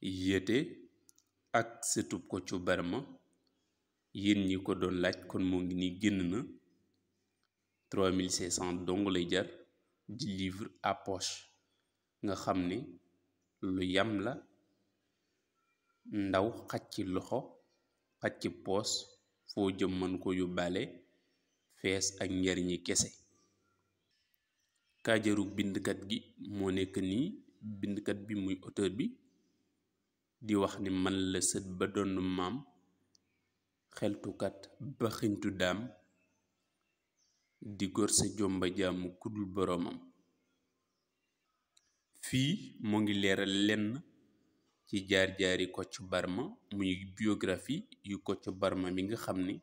yéete ak sëtub Kocc Barma yéen ñi ko doon laaj kon moo ngi ni génn na 3500 dong lay jar di livre à nga xam ne lu yam la ndaw xaj ci loxo xaj ci poos foo jëm mën ko yóbbaale fees ak njariñi kese kaajarug bindkat gi moo nekk nii bindkat bi muy auteur bi di wax ni man la sët ba donn maam xeltukat ba xintu daam di góor sa jomba jaamu kudul boroomam fii mu ngi leeral lenn ci jaar-jaari Kocc Barma muy biographie yu Kocc Barma mi nga xam ni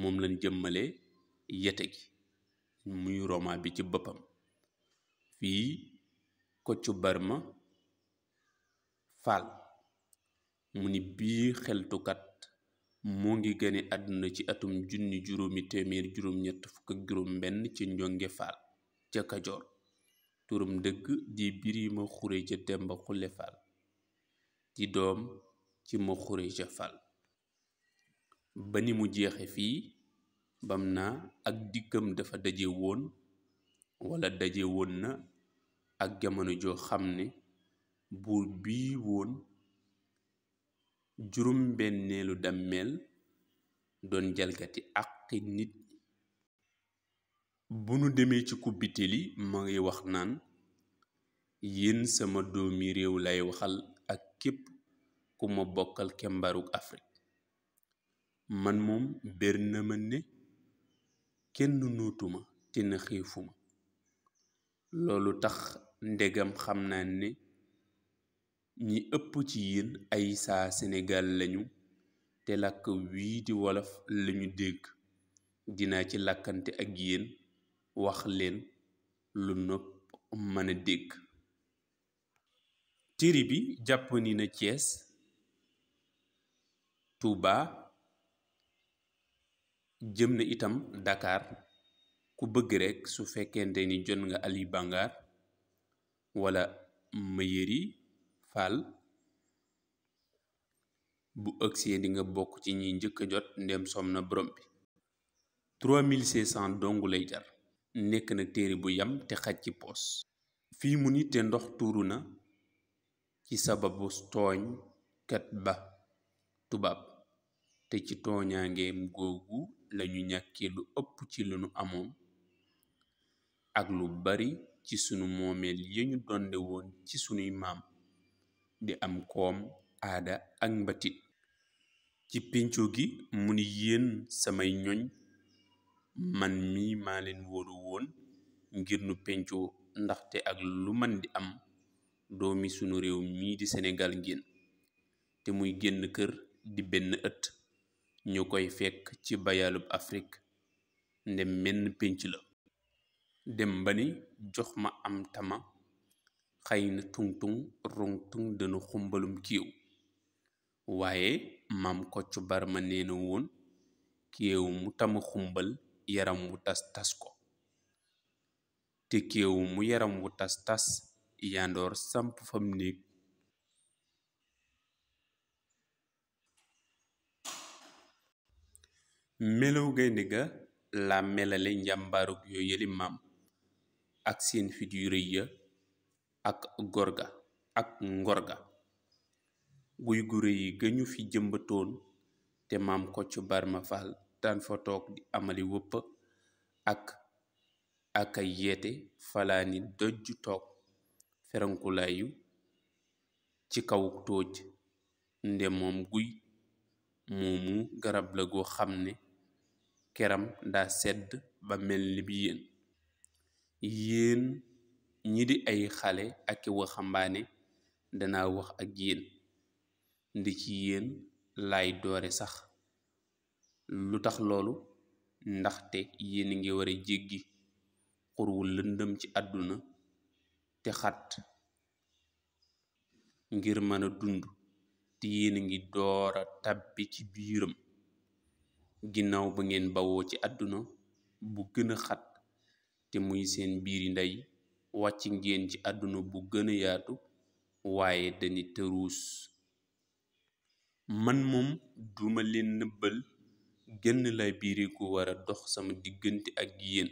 moom lañ jëmmale yete gi muy roman bi ci boppam fii Kocc Barma Fall mu ni bii xeltukat mu ngi gane àdduna ci atum junni juróomi téeméer juróom ñett fukk ak juróom benn ci njonge faal ca kajoor turam dëgg di birima xureja demba xulle faal di doom ci ma xureja faal ba ni mu jeexe fii bam naa ak dikkam dafa daje woon wala daje woon na ak jamono joo xam ne buur bii woon juróom benneelu dammeel doon jalgati àqi nit bu nu demee ci kubbiteli ma ngi wax naan yéen sama doomi réew lay waxal ak képp ku ma bokkal kembaruk Afrique man moom bér na ma ne kenn nuutuma te na xiifuma loolu tax ndegam xam naa ne ñi ëpp ci yéen ay saa Sénégal lañu te làkk wii di wolof lañu dégg dinaa ci làkkante ak yéen wax leen lu nopp mëna a dégg téere bi jàppandi na Cees Touba jëm na itam dakaar ku bëgg rekk su fekkente ni jot nga Ali Bangar wala Mayeri Fall bu ëgsee di bokk ci ñi njëkk a jot ndem som na borom bi dongu lay jar nekk na téere bu yam te xaj ci poos fii mu ni te ndox tuuru na ci sababu tooñ kat ba tubaab te ci tooñaangeem googu lañu ñàkkee lu ëpp ci lu nu amoon ak lu bari ci sunu moomeel yi ñu donde woon ci sunuy maam di am koom aada ak mbatit ci pénco gi mu ni yéen samay ñoñ man mi maa leen wóolu woon ngir nu pénco ndaxte ak lu man di am doomi sunu réew mii di Sénégal ngeen te muy génn kër di benn ëtt ñu koy fekk ci bayaalub Afrique ndem menn penc la dem ba ni jox ma am tama xayna tungtung rungtung danu xumbalum kiiw waaye maam Kocc Barma nee woon kiiw mu tama xumbal yaram wu tas tas ko te kiiw mu yaram wu tas tas yandoor samp fam néeg melow gaynde ga la melale njàmbaarug yooyu yëli maam ak seen fit yu rëy ya ak gorga ak ngorga guy gu rëy gañu fi jëmbatoon te maam Kocc Barma Fall daan fa toog di amali wëpp ak aka yeete falaani dojj toog ferankulaayu ci kaw tooj nde moom guy moomu garab la goo xam ne keram daa sedd ba mel ni bi yéen yéen ñi di ay xale ak waxambaane danaa wax ak yéen ndi ci yéen laay doore sax lu tax loolu ndaxte yéen ngi war a jéggi xurwu lëndëm ci àdduna te xat ngir mën a dund te yéen ngi doora tàbbi ci biiram ginnaaw ba ngeen bawoo ci àdduna bu gëna xat te muy seen biiri ndey wàcc ngeen ci àdduna bu gën yaatu waaye dañi tëruus man moom duma leen nëbbal gënn lay biire ko war a dox sama diggante ak yéen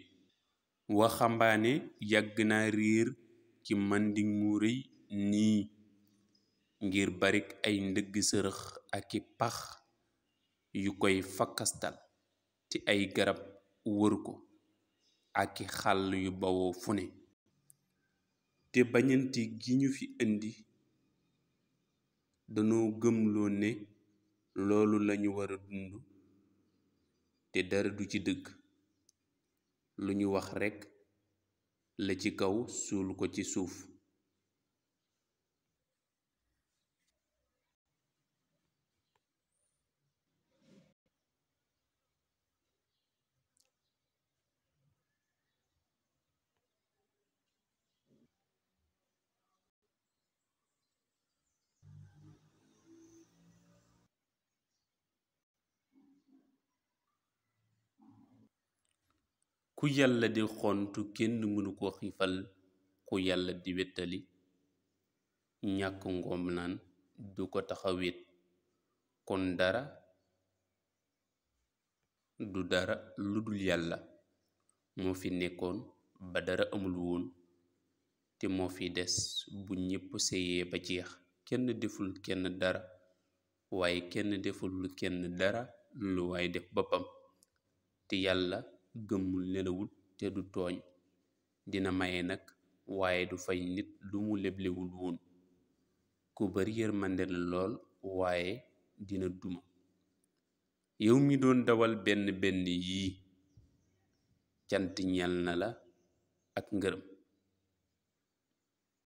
waxambaane yàgg naa réer ci màndiŋ mu rëy nii ngir barik ay ndëgg sërëx ak i pax yu koy fakkastal ci ay garab wër ko ak i xàll yu bawoo fu ne te bañante gi ñu fi indi danoo gëmloo ne loolu lañu war a dund te dara du ci dëkk lu ñu wax rekk la ci kaw suul ko ci suuf ku yàlla di xontu kenn mënu koo xiifal ku yàlla di wettali ñàkk ngoom naan du ko taxawet kon dara du dara lu dul yàlla moo fi nekkoon ba dara amul woon te moo fi des bu ñépp seyee ba jeex kenn deful kenn dara waaye kenn deful kenn dara lu waaye def boppam te yàlla gëmmul nelawut te du tooñ dina maye nag waaye du fay nit lu mu leblewul woon ku bari yërmande la lool waaye dina duma yow mi doon dawal benn benn yii cant ñel na la ak ngërëm